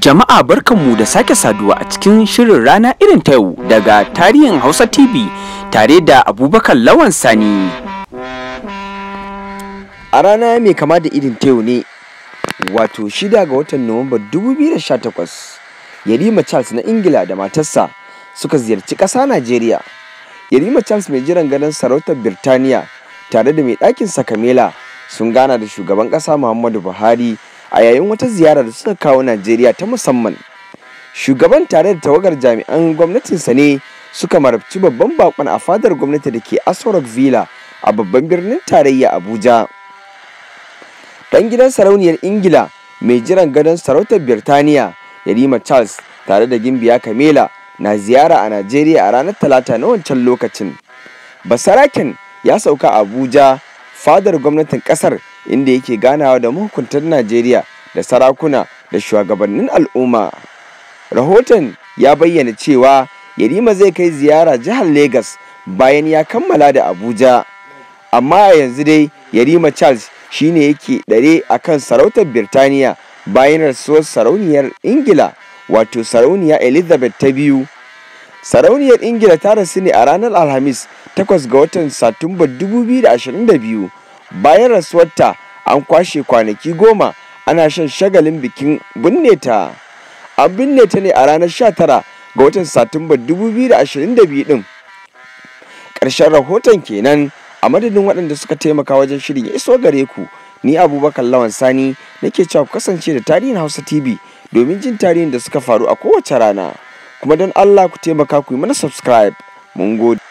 Jama'a barkanmu da sake saduwa a cikin shirin rana irin ta yau daga tarihin Hausa TV tare da Abubakar Lawan Sani. A rana mai kama da irin ta yau ne, wato shida ga watan Nuwamba 2018, Yarima Charles na Ingila da matarsa suka ziyarci ƙasa Najeriya. Yarima Charles mai jiran gadon sarautar Birtaniya tare da mai ɗakin Sakamela sun gana da shugaban ƙasa Muhammadu Buhari a yayin wata ziyara da suka kawo Najeriya ta musamman. Shugaban tare da tawagar jami'an gwamnatinsa ne suka marabci babban bakon a fadar gwamnati da ke Asorok Villa a babban birnin tarayya Abuja. Dan gidan sarauniyar Ingila mai jiran gadon sarautar Birtaniya Yarima Charles tare da Gimbiya Kamela na ziyara a Najeriya a ranar Talata na wancan lokacin. Basaraken ya sauka Abuja fadar gwamnatin kasar inda yake ganawa da mahukuntar Najeriya da sarakuna da shugabannin al'umma. Rahoton ya bayyana cewa Yarima zai kai ziyara jihar Legas bayan ya kammala da Abuja. Amma a yanzu dai Yarima Charles shine yake dare akan sarautar Birtaniya bayan rasuwar sarauniyar Ingila wato sarauniya Elizabeth ta biyu Sarauniyar Ingila ta rasu ne a ranar Alhamis 8 ga watan Satumba 2022 bayan rasuwarta an kwashe kwanaki goma ana shan shagalin bikin binne ta. An binne ta ne a ranar 19 ga watan Satumba 2022 din. Ƙarshen rahoton kenan a madadin waɗanda suka taimaka wajen shirin iso gare ku ni abubakar lawan sani nake cewa ku kasance da tarihin hausa tv domin jin tarihin da suka faru a kowace rana. kuma don Allah ku taimaka ku yi mana subscribe mun gode